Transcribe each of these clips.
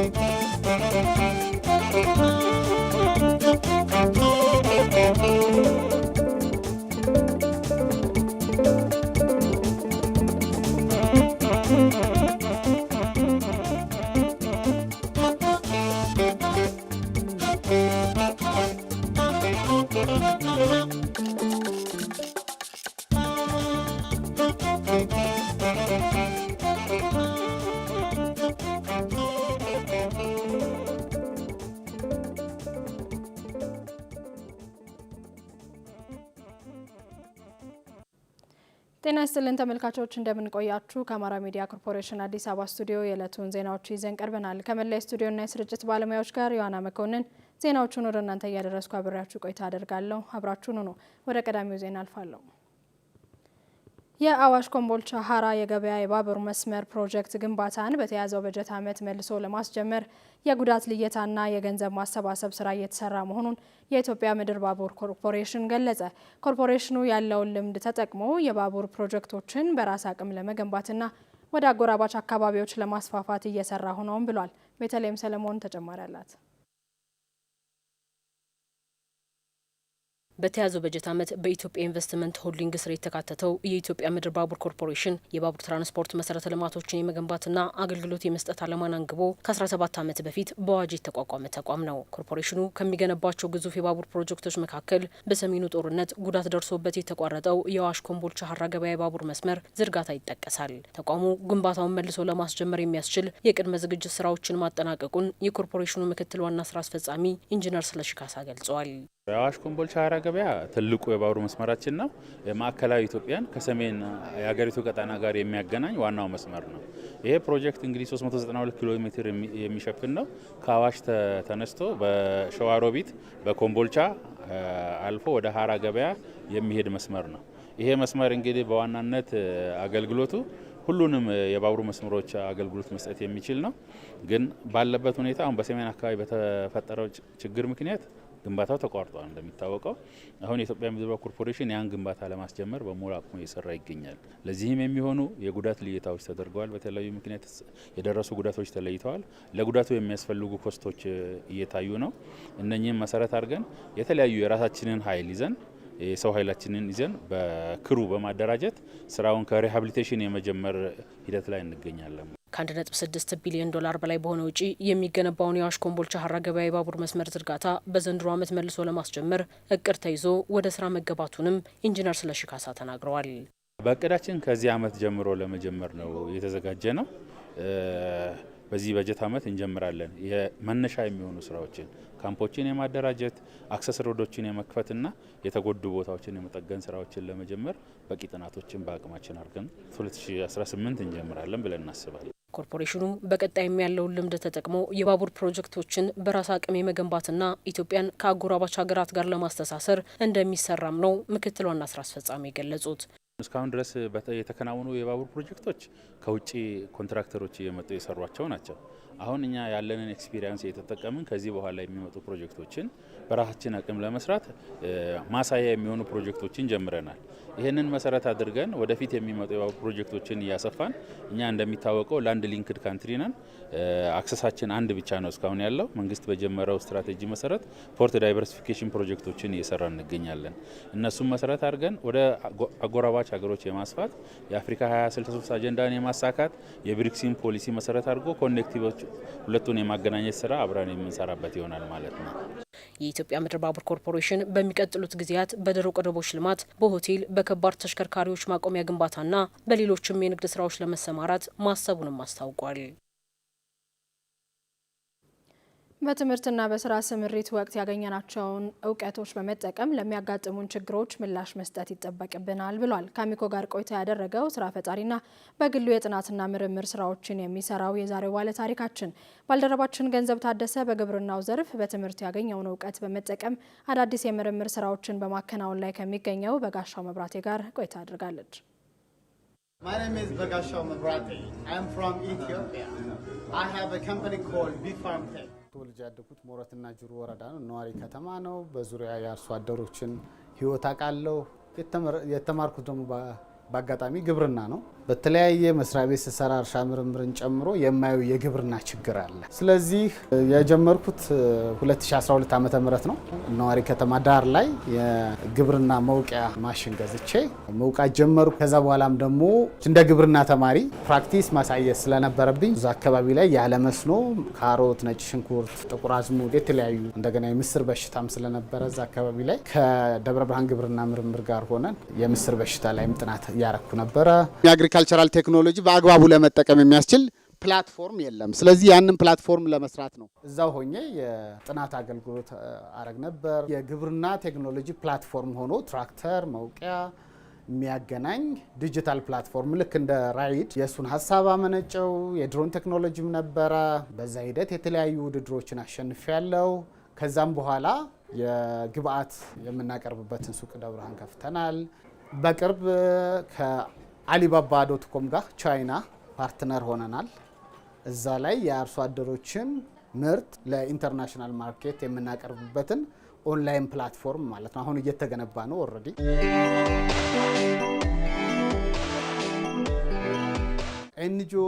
Thank you. ጤና ይስጥልን ተመልካቾች፣ እንደምንቆያችሁ ከአማራ ሚዲያ ኮርፖሬሽን አዲስ አበባ ስቱዲዮ የዕለቱን ዜናዎች ይዘን ቀርበናል። ከመላይ ስቱዲዮና የስርጭት ባለሙያዎች ጋር ዮሐና መኮንን ዜናዎቹን ወደ እናንተ እያደረስኩ አብሬያችሁ ቆይታ አደርጋለሁ። አብራችሁን ሁኑ። ወደ ቀዳሚው ዜና አልፋለሁ። የአዋሽ ኮምቦልቻ ሀራ የገበያ የባቡር መስመር ፕሮጀክት ግንባታን በተያዘው በጀት ዓመት መልሶ ለማስጀመር የጉዳት ልየታና የገንዘብ ማሰባሰብ ስራ እየተሰራ መሆኑን የኢትዮጵያ ምድር ባቡር ኮርፖሬሽን ገለጸ። ኮርፖሬሽኑ ያለውን ልምድ ተጠቅሞ የባቡር ፕሮጀክቶችን በራስ አቅም ለመገንባትና ወደ አጎራባች አካባቢዎች ለማስፋፋት እየሰራ ሆነውም ብሏል። ቤተልሔም ሰለሞን ተጨማሪ አላት። በተያዘው በጀት ዓመት በኢትዮጵያ ኢንቨስትመንት ሆልዲንግ ስር የተካተተው የኢትዮጵያ ምድር ባቡር ኮርፖሬሽን የባቡር ትራንስፖርት መሰረተ ልማቶችን የመገንባትና አገልግሎት የመስጠት ዓላማን አንግቦ ከ17 ዓመት በፊት በአዋጅ የተቋቋመ ተቋም ነው። ኮርፖሬሽኑ ከሚገነባቸው ግዙፍ የባቡር ፕሮጀክቶች መካከል በሰሜኑ ጦርነት ጉዳት ደርሶበት የተቋረጠው የአዋሽ ኮምቦልቻ ሀራ ገበያ የባቡር መስመር ዝርጋታ ይጠቀሳል። ተቋሙ ግንባታውን መልሶ ለማስጀመር የሚያስችል የቅድመ ዝግጅት ስራዎችን ማጠናቀቁን የኮርፖሬሽኑ ምክትል ዋና ስራ አስፈጻሚ ኢንጂነር ስለሽካሳ ገልጿል። ገልጸዋል። የአዋሽ ኮምቦልቻ ሀራ ገበያ ትልቁ የባቡር መስመራችን ነው። ማዕከላዊ ኢትዮጵያን ከሰሜን የሀገሪቱ ቀጠና ጋር የሚያገናኝ ዋናው መስመር ነው። ይሄ ፕሮጀክት እንግዲህ 392 ኪሎ ሜትር የሚሸፍን ነው። ከአዋሽ ተነስቶ በሸዋሮቢት በኮምቦልቻ አልፎ ወደ ሀራ ገበያ የሚሄድ መስመር ነው። ይሄ መስመር እንግዲህ በዋናነት አገልግሎቱ ሁሉንም የባቡሩ መስመሮች አገልግሎት መስጠት የሚችል ነው። ግን ባለበት ሁኔታ አሁን በሰሜን አካባቢ በተፈጠረው ችግር ምክንያት ግንባታው ተቋርጧል እንደሚታወቀው። አሁን የኢትዮጵያ ምድር ውሃ ኮርፖሬሽን ያን ግንባታ ለማስጀመር በሙሉ አቅሙ እየሰራ ይገኛል። ለዚህም የሚሆኑ የጉዳት ልየታዎች ተደርገዋል። በተለያዩ ምክንያት የደረሱ ጉዳቶች ተለይተዋል። ለጉዳቱ የሚያስፈልጉ ኮስቶች እየታዩ ነው። እነኚህም መሰረት አድርገን የተለያዩ የራሳችንን ኃይል ይዘን የሰው ኃይላችንን ይዘን በክሩ በማደራጀት ስራውን ከሪሃብሊቴሽን የመጀመር ሂደት ላይ እንገኛለን። ከ1.6 ቢሊዮን ዶላር በላይ በሆነ ውጪ የሚገነባውን የአዋሽ ኮምቦልቻ ሀራ ገበያ የባቡር መስመር ዝርጋታ በዘንድሮ ዓመት መልሶ ለማስጀመር እቅድ ተይዞ ወደ ስራ መገባቱንም ኢንጂነር ስለሺ ካሳ ተናግረዋል። በእቅዳችን ከዚህ ዓመት ጀምሮ ለመጀመር ነው የተዘጋጀ ነው። በዚህ በጀት ዓመት እንጀምራለን። የመነሻ የሚሆኑ ስራዎችን ካምፖችን የማደራጀት አክሰስ ሮዶችን የመክፈትና የተጎዱ ቦታዎችን የመጠገን ስራዎችን ለመጀመር በቂ ጥናቶችን በአቅማችን አድርገን 2018 እንጀምራለን ብለን እናስባለን። ኮርፖሬሽኑ በቀጣይም ያለውን ልምድ ተጠቅሞ የባቡር ፕሮጀክቶችን በራስ አቅም የመገንባትና ኢትዮጵያን ከአጎራባች ሀገራት ጋር ለማስተሳሰር እንደሚሰራም ነው ምክትል ዋና ስራ አስፈጻሚ የገለጹት። እስካሁን ድረስ የተከናወኑ የባቡር ፕሮጀክቶች ከውጭ ኮንትራክተሮች እየመጡ የሰሯቸው ናቸው። አሁን እኛ ያለንን ኤክስፒሪያንስ እየተጠቀምን ከዚህ በኋላ የሚመጡ ፕሮጀክቶችን በራሳችን አቅም ለመስራት ማሳያ የሚሆኑ ፕሮጀክቶችን ጀምረናል። ይህንን መሰረት አድርገን ወደፊት የሚመጡ ፕሮጀክቶችን እያሰፋን እኛ እንደሚታወቀው ላንድ ሊንክድ ካንትሪ ነን። አክሰሳችን አንድ ብቻ ነው እስካሁን ያለው። መንግስት በጀመረው ስትራቴጂ መሰረት ፖርት ዳይቨርሲፊኬሽን ፕሮጀክቶችን እየሰራ እንገኛለን። እነሱም መሰረት አድርገን ወደ አጎራባች ሀገሮች የማስፋት የአፍሪካ 2063 አጀንዳን የማሳካት የብሪክሲን ፖሊሲ መሰረት አድርጎ ኮኔክቲቭ ሁለቱን የማገናኘት ስራ አብረን የምንሰራበት ይሆናል ማለት ነው። የኢትዮጵያ ምድር ባቡር ኮርፖሬሽን በሚቀጥሉት ጊዜያት በደረቅ ወደቦች ልማት፣ በሆቴል በከባድ ተሽከርካሪዎች ማቆሚያ ግንባታና በሌሎችም የንግድ ስራዎች ለመሰማራት ማሰቡንም አስታውቋል። በትምህርትና በስራ ስምሪት ወቅት ያገኘናቸውን እውቀቶች በመጠቀም ለሚያጋጥሙን ችግሮች ምላሽ መስጠት ይጠበቅብናል ብሏል። ከአሚኮ ጋር ቆይታ ያደረገው ስራ ፈጣሪና በግሉ የጥናትና ምርምር ስራዎችን የሚሰራው የዛሬው ባለ ታሪካችን ባልደረባችን ገንዘብ ታደሰ በግብርናው ዘርፍ በትምህርት ያገኘውን እውቀት በመጠቀም አዳዲስ የምርምር ስራዎችን በማከናወን ላይ ከሚገኘው በጋሻው መብራቴ ጋር ቆይታ አድርጋለች። በጋሻው መብራቴ ተወልጄ ያደኩት ሞረትና ጅሩ ወረዳ ነው፣ ነዋሪ ከተማ ነው። በዙሪያ የአርሶ አደሮችን ህይወት አውቃለሁ። የተማርኩት ደግሞ በአጋጣሚ ግብርና ነው። በተለያየ መስሪያ ቤት ስሰራ እርሻ ምርምርን ጨምሮ የማየው የግብርና ችግር አለ። ስለዚህ የጀመርኩት 2012 ዓ ም ነው ነዋሪ ከተማ ዳር ላይ የግብርና መውቂያ ማሽን ገዝቼ መውቃት ጀመርኩ። ከዛ በኋላም ደግሞ እንደ ግብርና ተማሪ ፕራክቲስ ማሳየት ስለነበረብኝ እዛ አካባቢ ላይ ያለመስኖ ካሮት፣ ነጭ ሽንኩርት፣ ጥቁር አዝሙድ የተለያዩ እንደገና የምስር በሽታም ስለነበረ እዛ አካባቢ ላይ ከደብረ ብርሃን ግብርና ምርምር ጋር ሆነን የምስር በሽታ ላይም ጥናት እያረኩ ነበረ። አግሪካልቸራል ቴክኖሎጂ በአግባቡ ለመጠቀም የሚያስችል ፕላትፎርም የለም። ስለዚህ ያንን ፕላትፎርም ለመስራት ነው። እዛው ሆኜ የጥናት አገልግሎት አረግ ነበር። የግብርና ቴክኖሎጂ ፕላትፎርም ሆኖ ትራክተር መውቂያ የሚያገናኝ ዲጂታል ፕላትፎርም ልክ እንደ ራይድ የእሱን ሀሳብ አመነጨው። የድሮን ቴክኖሎጂም ነበረ። በዛ ሂደት የተለያዩ ውድድሮችን አሸንፍ ያለው። ከዛም በኋላ የግብአት የምናቀርብበትን ሱቅ ደብረሃን ከፍተናል። በቅርብ አሊባባ ዶት ኮም ጋር ቻይና ፓርትነር ሆነናል። እዛ ላይ የአርሶ አደሮችን ምርት ለኢንተርናሽናል ማርኬት የምናቀርብበትን ኦንላይን ፕላትፎርም ማለት ነው። አሁን እየተገነባ ነው ኦልሬዲ። ኤንጂኦ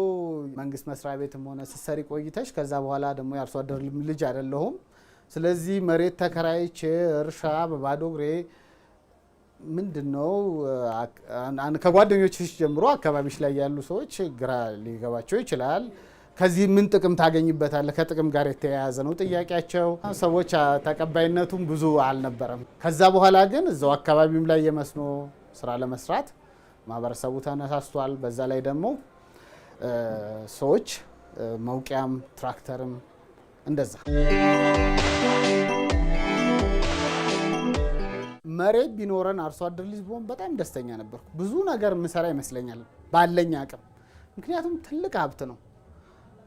መንግስት መስሪያ ቤትም ሆነ ስትሰሪ ቆይተሽ ከዛ በኋላ ደግሞ የአርሶ አደር ልጅ አይደለሁም። ስለዚህ መሬት ተከራይቼ እርሻ በባዶ እግሬ ምንድን ነው ከጓደኞችሽ ጀምሮ አካባቢሽ ላይ ያሉ ሰዎች ግራ ሊገባቸው ይችላል። ከዚህ ምን ጥቅም ታገኝበታለህ? ከጥቅም ጋር የተያያዘ ነው ጥያቄያቸው። ሰዎች ተቀባይነቱም ብዙ አልነበረም። ከዛ በኋላ ግን እዛው አካባቢም ላይ የመስኖ ስራ ለመስራት ማህበረሰቡ ተነሳስቷል። በዛ ላይ ደግሞ ሰዎች መውቂያም ትራክተርም እንደዛ መሬት ቢኖረን አርሶ አደር ልጅ ብሆን በጣም ደስተኛ ነበርኩ። ብዙ ነገር ምሰራ ይመስለኛል ባለኝ አቅም። ምክንያቱም ትልቅ ሀብት ነው።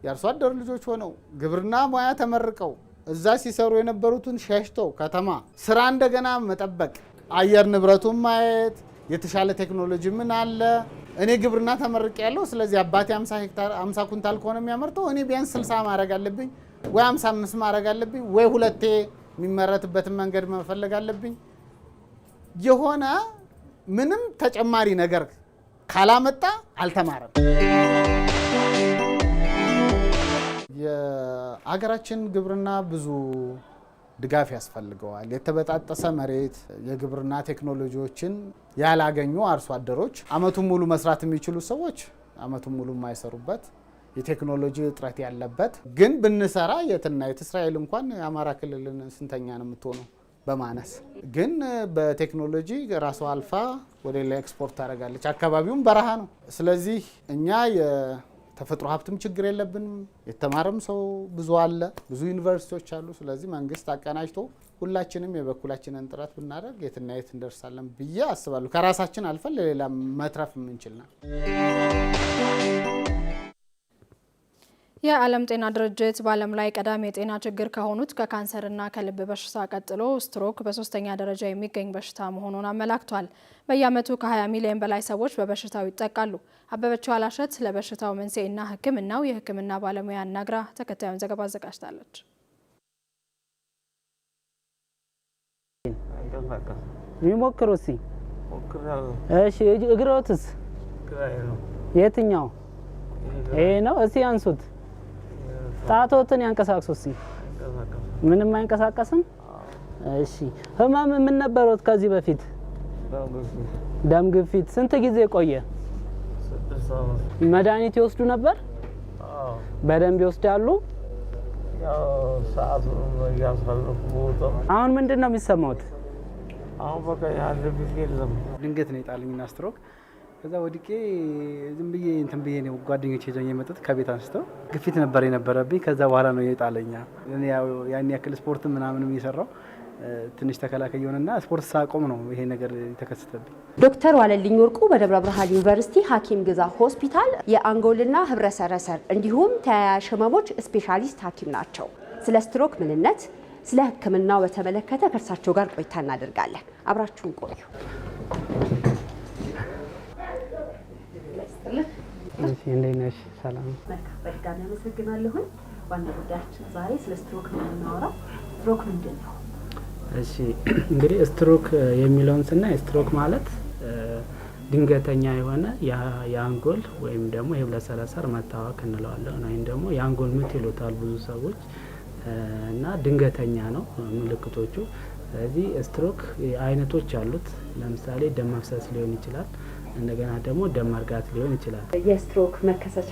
የአርሶ አደር ልጆች ሆነው ግብርና ሙያ ተመርቀው እዛ ሲሰሩ የነበሩትን ሸሽቶ ከተማ ስራ እንደገና መጠበቅ፣ አየር ንብረቱን ማየት፣ የተሻለ ቴክኖሎጂ ምን አለ። እኔ ግብርና ተመርቄ ያለው ስለዚህ አባቴ 50 ሄክታር 50 ኩንታል ከሆነ የሚያመርተው እኔ ቢያንስ 60 ማድረግ አለብኝ ወይ 55 ማድረግ አለብኝ ወይ ሁለቴ የሚመረትበትን መንገድ መፈለግ አለብኝ። የሆነ ምንም ተጨማሪ ነገር ካላመጣ አልተማረም። የአገራችን ግብርና ብዙ ድጋፍ ያስፈልገዋል። የተበጣጠሰ መሬት፣ የግብርና ቴክኖሎጂዎችን ያላገኙ አርሶ አደሮች፣ አመቱን ሙሉ መስራት የሚችሉ ሰዎች አመቱን ሙሉ የማይሰሩበት የቴክኖሎጂ እጥረት ያለበት ግን ብንሰራ የትና የት እስራኤል እንኳን የአማራ ክልልን ስንተኛ ነው የምትሆነው? በማነስ ግን በቴክኖሎጂ ራሷ አልፋ ወደ ሌላ ኤክስፖርት ታደርጋለች። አካባቢውም በረሃ ነው። ስለዚህ እኛ የተፈጥሮ ሀብትም ችግር የለብንም። የተማረም ሰው ብዙ አለ፣ ብዙ ዩኒቨርሲቲዎች አሉ። ስለዚህ መንግስት አቀናጅቶ ሁላችንም የበኩላችንን ጥረት ብናደርግ የትና የት እንደርሳለን ብዬ አስባለሁ። ከራሳችን አልፈን ለሌላ መትረፍ የምንችል የዓለም ጤና ድርጅት በዓለም ላይ ቀዳሚ የጤና ችግር ከሆኑት ከካንሰርና ከልብ በሽታ ቀጥሎ ስትሮክ በሶስተኛ ደረጃ የሚገኝ በሽታ መሆኑን አመላክቷል። በየዓመቱ ከ20 ሚሊዮን በላይ ሰዎች በበሽታው ይጠቃሉ። አበበች አላሸት ለበሽታው በሽታው መንስኤና ሕክምናው የሕክምና ባለሙያ አናግራ ተከታዩን ዘገባ አዘጋጅታለች። ሚሞክሩ እሺ፣ እግሮትስ የትኛው ይሄ ነው? እስኪ አንሱት ጣቶትን ያንቀሳቅሱ። እስቲ ምንም አይንቀሳቀስም። እሺ ህመም ምን ነበሩት ከዚህ በፊት? ደም ግፊት። ስንት ጊዜ ቆየ? መድኃኒት ይወስዱ ነበር? በደንብ ይወስዳሉ? አሁን ምንድን ነው የሚሰማውት? አሁን በቃ ድንገት ነው የጣለኝና ስትሮክ ከዛ ወድቄ ዝም ብዬ እንትን ብዬ ነው ጓደኞች ይዘኝ የመጡት። ከቤት አንስተው ግፊት ነበር የነበረብኝ። ከዛ በኋላ ነው የጣለኛ። ያን ያክል ስፖርት ምናምንም እየሰራው ትንሽ ተከላካይ የሆነና ስፖርት ሳቆም ነው ይሄ ነገር የተከሰተብኝ። ዶክተር ዋለልኝ ወርቁ በደብረ ብርሃን ዩኒቨርሲቲ ሐኪም ግዛ ሆስፒታል የአንጎልና ህብረሰረሰር እንዲሁም ተያያዥ ህመሞች ስፔሻሊስት ሐኪም ናቸው። ስለ ስትሮክ ምንነት፣ ስለ ህክምናው በተመለከተ ከእርሳቸው ጋር ቆይታ እናደርጋለን። አብራችሁን ቆዩ። እንዴት ነሽ? ሰላም። መልካም። በድጋሚ አመሰግናለሁኝ። ዋና ጉዳያችን ዛሬ ስለ ስትሮክ ነው የምናወራው። ስትሮክ ምንድን ነው? እሺ እንግዲህ ስትሮክ የሚለውን ስናይ ስትሮክ ማለት ድንገተኛ የሆነ የአንጎል ወይም ደግሞ የህብለት መታወክ እንለዋለን ወይም ደግሞ የአንጎል ምት ይሉታል ብዙ ሰዎች እና ድንገተኛ ነው ምልክቶቹ። ስለዚህ ስትሮክ አይነቶች አሉት። ለምሳሌ ደም መፍሰስ ሊሆን ይችላል እንደገና ደግሞ ደም ሊሆን ይችላል። የስትሮክ መከሰቻ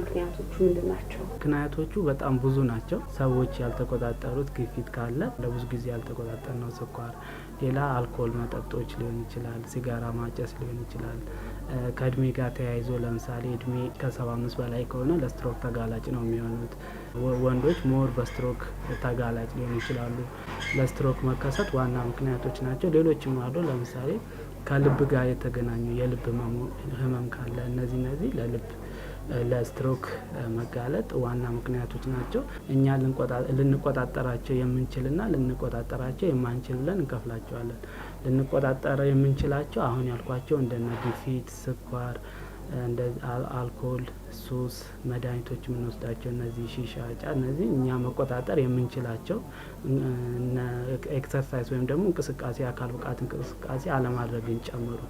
ምክንያቶቹ ምንድን ናቸው? ምክንያቶቹ በጣም ብዙ ናቸው። ሰዎች ያልተቆጣጠሩት ግፊት ካለ ለብዙ ጊዜ ነው ስኳር፣ ሌላ አልኮል መጠጦች ሊሆን ይችላል፣ ሲጋራ ማጨስ ሊሆን ይችላል። ከእድሜ ጋር ተያይዞ ለምሳሌ እድሜ ከ በላይ ከሆነ ለስትሮክ ተጋላጭ ነው የሚሆኑት። ወንዶች ሞር በስትሮክ ተጋላጭ ሊሆኑ ይችላሉ። ለስትሮክ መከሰት ዋና ምክንያቶች ናቸው። ሌሎችም አሉ። ለምሳሌ ከልብ ጋር የተገናኙ የልብ ህመም ካለ እነዚህ እነዚህ ለልብ ለስትሮክ መጋለጥ ዋና ምክንያቶች ናቸው። እኛ ልንቆጣጠራቸው የምንችልና ልንቆጣጠራቸው የማንችል ብለን እንከፍላቸዋለን። ልንቆጣጠረ የምንችላቸው አሁን ያልኳቸው እንደነ ግፊት፣ ስኳር አልኮል፣ ሱስ፣ መድኃኒቶች የምንወስዳቸው እነዚህ ሺሻ፣ ጫት እነዚህ እኛ መቆጣጠር የምንችላቸው ኤክሰርሳይዝ ወይም ደግሞ እንቅስቃሴ አካል ብቃት እንቅስቃሴ አለማድረግን ጨምሮ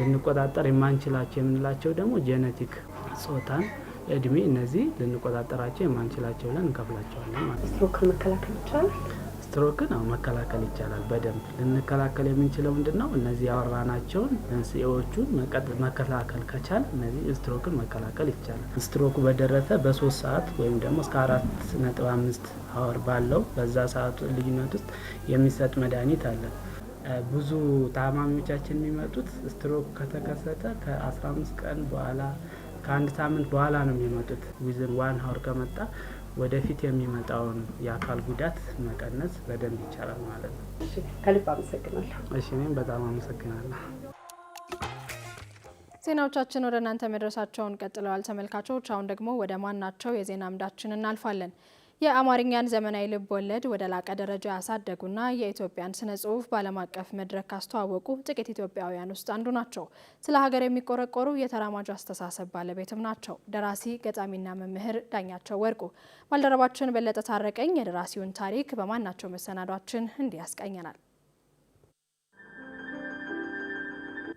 ልንቆጣጠር የማንችላቸው የምንላቸው ደግሞ ጄኔቲክ፣ ጾታን፣ እድሜ እነዚህ ልንቆጣጠራቸው የማንችላቸው ብለን እንከፍላቸዋለን ማለት ነው። ስትሮክን አሁን መከላከል ይቻላል በደንብ ልንከላከል የምንችለው ምንድን ነው? እነዚህ ያወራናቸውን መንስኤዎቹን መከላከል ከቻል እነዚህ ስትሮክን መከላከል ይቻላል። ስትሮኩ በደረሰ በሶስት ሰዓት ወይም ደግሞ እስከ አራት ነጥብ አምስት አወር ባለው በዛ ሰዓቱ ልዩነት ውስጥ የሚሰጥ መድኃኒት አለ። ብዙ ታማሚዎቻችን የሚመጡት ስትሮክ ከተከሰተ ከ15 ቀን በኋላ ከአንድ ሳምንት በኋላ ነው የሚመጡት ዊዝን ዋን ሀወር ከመጣ ወደፊት የሚመጣውን የአካል ጉዳት መቀነስ በደንብ ይቻላል ማለት ነው። ከልብ አመሰግናለሁ። እሺ እኔም በጣም አመሰግናለሁ። ዜናዎቻችን ወደ እናንተ መድረሳቸውን ቀጥለዋል ተመልካቾች። አሁን ደግሞ ወደ ማናቸው የዜና አምዳችን እናልፋለን። የአማርኛን ዘመናዊ ልብ ወለድ ወደ ላቀ ደረጃ ያሳደጉና የኢትዮጵያን ስነ ጽሁፍ በዓለም አቀፍ መድረክ ካስተዋወቁ ጥቂት ኢትዮጵያውያን ውስጥ አንዱ ናቸው። ስለ ሀገር የሚቆረቆሩ የተራማጅ አስተሳሰብ ባለቤትም ናቸው። ደራሲ ገጣሚና መምህር ዳኛቸው ወርቁ ባልደረባችን በለጠ ታረቀኝ የደራሲውን ታሪክ በማናቸው መሰናዷችን እንዲያስቀኘናል።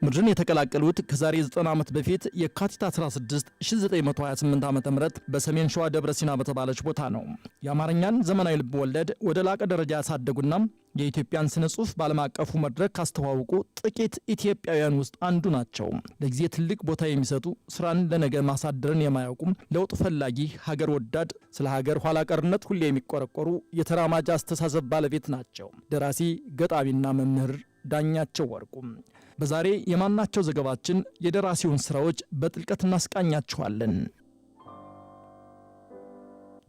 ምድርን የተቀላቀሉት ከዛሬ 90 ዓመት በፊት የካቲት 16 1928 ም በሰሜን ሸዋ ደብረ ሲና በተባለች ቦታ ነው። የአማርኛን ዘመናዊ ልብ ወለድ ወደ ላቀ ደረጃ ያሳደጉና የኢትዮጵያን ስነ ጽሁፍ በዓለም አቀፉ መድረክ ካስተዋውቁ ጥቂት ኢትዮጵያውያን ውስጥ አንዱ ናቸው። ለጊዜ ትልቅ ቦታ የሚሰጡ ስራን ለነገ ማሳደርን የማያውቁም ለውጥ ፈላጊ፣ ሀገር ወዳድ፣ ስለ ሀገር ኋላ ቀርነት ሁሌ የሚቆረቆሩ የተራማጅ አስተሳሰብ ባለቤት ናቸው። ደራሲ ገጣሚና መምህር ዳኛቸው ወርቁም። በዛሬ የማናቸው ዘገባችን የደራሲውን ስራዎች በጥልቀት እናስቃኛችኋለን።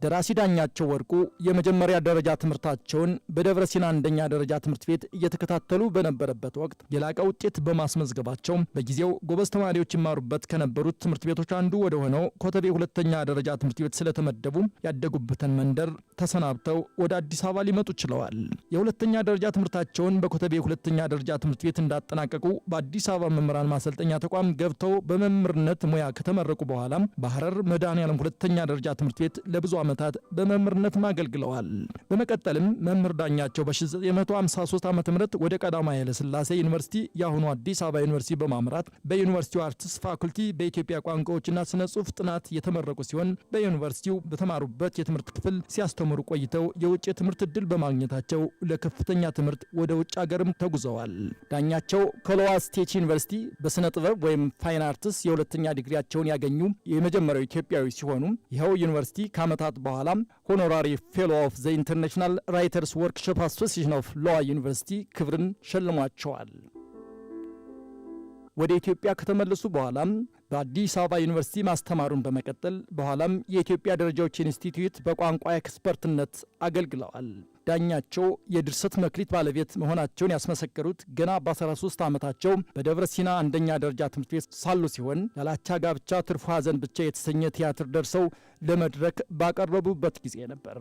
ደራሲ ዳኛቸው ወርቁ የመጀመሪያ ደረጃ ትምህርታቸውን በደብረ ሲና አንደኛ ደረጃ ትምህርት ቤት እየተከታተሉ በነበረበት ወቅት የላቀ ውጤት በማስመዝገባቸው በጊዜው ጎበዝ ተማሪዎች ይማሩበት ከነበሩት ትምህርት ቤቶች አንዱ ወደ ሆነው ኮተቤ ሁለተኛ ደረጃ ትምህርት ቤት ስለተመደቡ ያደጉበትን መንደር ተሰናብተው ወደ አዲስ አበባ ሊመጡ ችለዋል። የሁለተኛ ደረጃ ትምህርታቸውን በኮተቤ ሁለተኛ ደረጃ ትምህርት ቤት እንዳጠናቀቁ በአዲስ አበባ መምህራን ማሰልጠኛ ተቋም ገብተው በመምህርነት ሙያ ከተመረቁ በኋላ በሐረር መድኃኔዓለም ሁለተኛ ደረጃ ትምህርት ቤት ለብዙ ዓመት ዓመታት በመምህርነትም አገልግለዋል። በመቀጠልም መምህር ዳኛቸው በ1953 ዓ ም ወደ ቀዳማዊ ኃይለሥላሴ ዩኒቨርሲቲ የአሁኑ አዲስ አበባ ዩኒቨርሲቲ በማምራት በዩኒቨርሲቲው አርትስ ፋኩልቲ በኢትዮጵያ ቋንቋዎችና ስነ ጽሑፍ ጥናት የተመረቁ ሲሆን በዩኒቨርሲቲው በተማሩበት የትምህርት ክፍል ሲያስተምሩ ቆይተው የውጭ የትምህርት ዕድል በማግኘታቸው ለከፍተኛ ትምህርት ወደ ውጭ ሀገርም ተጉዘዋል። ዳኛቸው ከሎዋ ስቴች ዩኒቨርሲቲ በሥነ ጥበብ ወይም ፋይን አርትስ የሁለተኛ ዲግሪያቸውን ያገኙ የመጀመሪያው ኢትዮጵያዊ ሲሆኑ ይኸው ዩኒቨርሲቲ ከዓመታት ዓመታት በኋላ ሆኖራሪ ፌሎ ኦፍ ዘ ኢንተርናሽናል ራይተርስ ወርክሾፕ አሶሲሽን ኦፍ ሎዋ ዩኒቨርሲቲ ክብርን ሸልሟቸዋል። ወደ ኢትዮጵያ ከተመለሱ በኋላም በአዲስ አበባ ዩኒቨርሲቲ ማስተማሩን በመቀጠል በኋላም የኢትዮጵያ ደረጃዎች ኢንስቲትዩት በቋንቋ ኤክስፐርትነት አገልግለዋል። ዳኛቸው የድርሰት መክሊት ባለቤት መሆናቸውን ያስመሰከሩት ገና በ13 ዓመታቸው በደብረ ሲና አንደኛ ደረጃ ትምህርት ቤት ሳሉ ሲሆን ያላቻ ጋብቻ ትርፉ ሐዘን ብቻ የተሰኘ ቲያትር ደርሰው ለመድረክ ባቀረቡበት ጊዜ ነበር።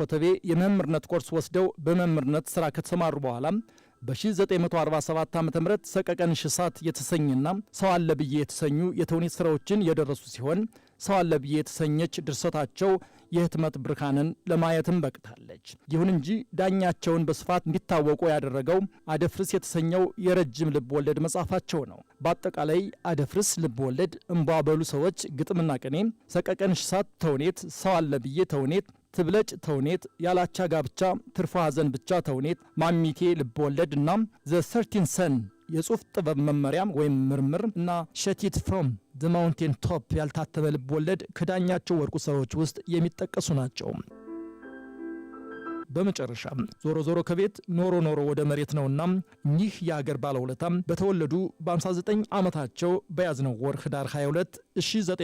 ኮተቤ የመምህርነት ኮርስ ወስደው በመምህርነት ስራ ከተሰማሩ በኋላ በ1947 ዓ ም ሰቀቀን ሽሳት የተሰኘና ሰው አለ ብዬ የተሰኙ የተውኔት ስራዎችን የደረሱ ሲሆን ሰው አለ ብዬ የተሰኘች ድርሰታቸው የህትመት ብርሃንን ለማየትም በቅታለች። ይሁን እንጂ ዳኛቸውን በስፋት እንዲታወቁ ያደረገው አደፍርስ የተሰኘው የረጅም ልብ ወለድ መጽሐፋቸው ነው። በአጠቃላይ አደፍርስ ልብ ወለድ፣ እምቧ በሉ ሰዎች ግጥምና ቅኔ፣ ሰቀቀን ሽሳት ተውኔት፣ ሰው አለ ብዬ ተውኔት፣ ትብለጭ ተውኔት፣ ያላቻ ጋብቻ፣ ትርፎ ሐዘን ብቻ ተውኔት፣ ማሚቴ ልብወለድ እና ዘ ሰርቲን ሰን የጽሁፍ ጥበብ መመሪያም ወይም ምርምር እና ሸቲት ፍሮም ዘ ማውንቴን ቶፕ ያልታተመ ወለድ ከዳኛቸው ወርቁ ስራዎች ውስጥ የሚጠቀሱ ናቸው። በመጨረሻ ዞሮ ዞሮ ከቤት ኖሮ ኖሮ ወደ መሬት ነውና ይህ የአገር ባለውለታ በተወለዱ በ59 ዓመታቸው በያዝነው ወር ህዳር 22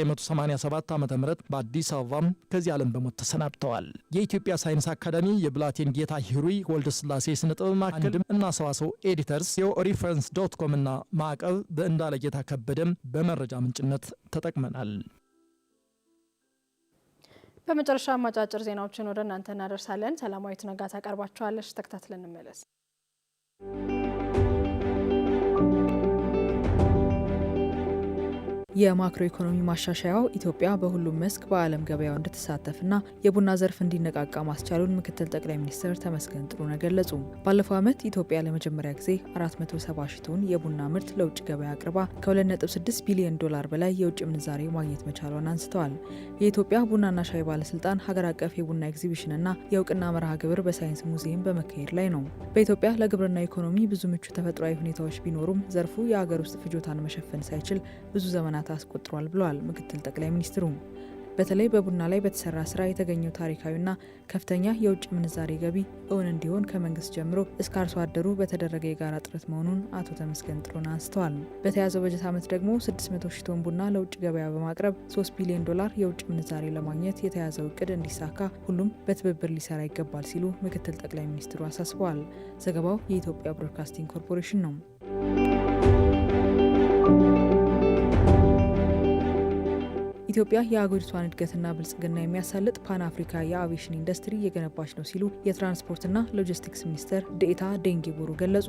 1987 ዓ ም በአዲስ አበባ ከዚህ ዓለም በሞት ተሰናብተዋል። የኢትዮጵያ ሳይንስ አካዳሚ የብላቴን ጌታ ሂሩይ ወልደ ስላሴ ስነ ጥበብ እና ሰዋሰው ኤዲተርስ ሪፈረንስ ዶት ኮም እና ማዕቀብ በእንዳለ ጌታ ከበደም በመረጃ ምንጭነት ተጠቅመናል። በመጨረሻ አጫጭር ዜናዎችን ወደ እናንተ እናደርሳለን። ሰላማዊት ነጋ ታቀርባቸዋለች። ተከታትለን እንመለስ። የማክሮ ኢኮኖሚ ማሻሻያው ኢትዮጵያ በሁሉም መስክ በዓለም ገበያው እንድትሳተፍና የቡና ዘርፍ እንዲነቃቃ ማስቻሉን ምክትል ጠቅላይ ሚኒስትር ተመስገን ጥሩነህ ገለጹ። ባለፈው ዓመት ኢትዮጵያ ለመጀመሪያ ጊዜ 470 ሺህ ቶን የቡና ምርት ለውጭ ገበያ አቅርባ ከ2.6 ቢሊዮን ዶላር በላይ የውጭ ምንዛሬ ማግኘት መቻሏን አንስተዋል። የኢትዮጵያ ቡናና ሻይ ባለስልጣን ሀገር አቀፍ የቡና ኤግዚቢሽንና የእውቅና መርሃ ግብር በሳይንስ ሙዚየም በመካሄድ ላይ ነው። በኢትዮጵያ ለግብርና ኢኮኖሚ ብዙ ምቹ ተፈጥሯዊ ሁኔታዎች ቢኖሩም ዘርፉ የአገር ውስጥ ፍጆታን መሸፈን ሳይችል ብዙ ዘመናት ቀናት አስቆጥሯል ብለዋል ምክትል ጠቅላይ ሚኒስትሩ። በተለይ በቡና ላይ በተሰራ ስራ የተገኘው ታሪካዊና ከፍተኛ የውጭ ምንዛሬ ገቢ እውን እንዲሆን ከመንግስት ጀምሮ እስከ አርሶ አደሩ በተደረገ የጋራ ጥረት መሆኑን አቶ ተመስገን ጥሩን አንስተዋል። በተያዘው በጀት ዓመት ደግሞ 600 ሺህ ቶን ቡና ለውጭ ገበያ በማቅረብ 3 ቢሊዮን ዶላር የውጭ ምንዛሬ ለማግኘት የተያዘው እቅድ እንዲሳካ ሁሉም በትብብር ሊሰራ ይገባል ሲሉ ምክትል ጠቅላይ ሚኒስትሩ አሳስበዋል። ዘገባው የኢትዮጵያ ብሮድካስቲንግ ኮርፖሬሽን ነው። ኢትዮጵያ የአገሪቷን እድገትና ብልጽግና የሚያሳልጥ ፓን አፍሪካ የአቪሽን ኢንዱስትሪ እየገነባች ነው ሲሉ የትራንስፖርትና ሎጂስቲክስ ሚኒስትር ዴኤታ ደንጌ ቦሩ ገለጹ።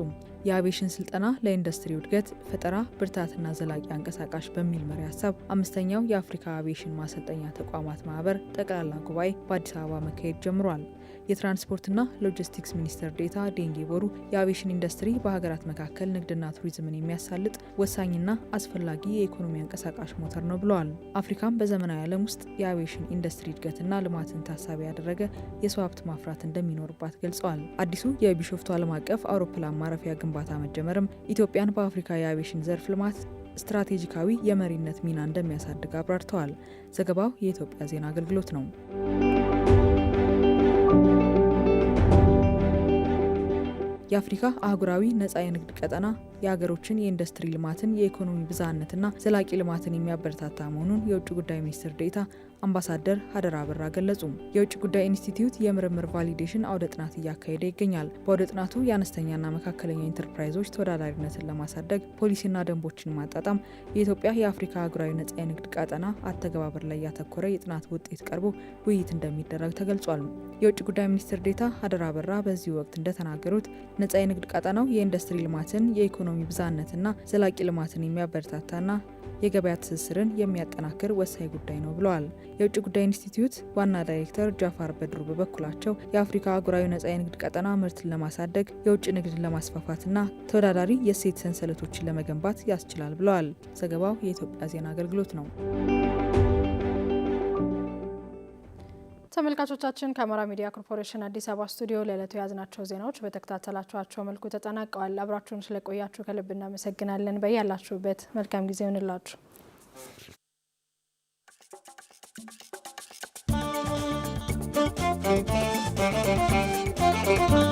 የአቪሽን ስልጠና ለኢንዱስትሪው እድገት ፈጠራ፣ ብርታትና ዘላቂ አንቀሳቃሽ በሚል መሪ ሀሳብ አምስተኛው የአፍሪካ አቪሽን ማሰልጠኛ ተቋማት ማህበር ጠቅላላ ጉባኤ በአዲስ አበባ መካሄድ ጀምሯል። የትራንስፖርትና ሎጂስቲክስ ሚኒስትር ዴታ ዴንጌ ቦሩ የአቪሽን ኢንዱስትሪ በሀገራት መካከል ንግድና ቱሪዝምን የሚያሳልጥ ወሳኝና አስፈላጊ የኢኮኖሚ አንቀሳቃሽ ሞተር ነው ብለዋል። አፍሪካም በዘመናዊ ዓለም ውስጥ የአቪሽን ኢንዱስትሪ እድገትና ልማትን ታሳቢ ያደረገ የሰው ሀብት ማፍራት እንደሚኖርባት ገልጸዋል። አዲሱ የቢሾፍቱ ዓለም አቀፍ አውሮፕላን ማረፊያ ግንባታ መጀመርም ኢትዮጵያን በአፍሪካ የአቪሽን ዘርፍ ልማት ስትራቴጂካዊ የመሪነት ሚና እንደሚያሳድግ አብራርተዋል። ዘገባው የኢትዮጵያ ዜና አገልግሎት ነው። የአፍሪካ አህጉራዊ ነጻ የንግድ ቀጠና የሀገሮችን የኢንዱስትሪ ልማትን፣ የኢኮኖሚ ብዝሃነትና ዘላቂ ልማትን የሚያበረታታ መሆኑን የውጭ ጉዳይ ሚኒስትር ዴታ አምባሳደር ሀደራ አበራ ገለጹ። የውጭ ጉዳይ ኢንስቲትዩት የምርምር ቫሊዴሽን አውደ ጥናት እያካሄደ ይገኛል። በአውደ ጥናቱ የአነስተኛና መካከለኛ ኢንተርፕራይዞች ተወዳዳሪነትን ለማሳደግ ፖሊሲና ደንቦችን ማጣጣም፣ የኢትዮጵያ የአፍሪካ ሀገራዊ ነጻ የንግድ ቀጠና አተገባበር ላይ ያተኮረ የጥናት ውጤት ቀርቦ ውይይት እንደሚደረግ ተገልጿል። የውጭ ጉዳይ ሚኒስትር ዴታ ሀደራ አበራ በዚህ ወቅት እንደተናገሩት ነጻ የንግድ ቀጠናው የኢንዱስትሪ ልማትን፣ የኢኮኖሚ ብዝሃነትና ዘላቂ ልማትን የሚያበረታታና የገበያ ትስስርን የሚያጠናክር ወሳኝ ጉዳይ ነው ብለዋል። የውጭ ጉዳይ ኢንስቲትዩት ዋና ዳይሬክተር ጃፋር በድሩ በበኩላቸው የአፍሪካ አህጉራዊ ነጻ የንግድ ቀጠና ምርትን ለማሳደግ የውጭ ንግድን ለማስፋፋትና ተወዳዳሪ የእሴት ሰንሰለቶችን ለመገንባት ያስችላል ብለዋል። ዘገባው የኢትዮጵያ ዜና አገልግሎት ነው። ተመልካቾቻችን ከአማራ ሚዲያ ኮርፖሬሽን አዲስ አበባ ስቱዲዮ ለዕለቱ የያዝናቸው ዜናዎች በተከታተላችኋቸው መልኩ ተጠናቀዋል። አብራችሁን ስለቆያችሁ ከልብ እናመሰግናለን። በያላችሁበት መልካም ጊዜ ሆንላችሁ Thank you.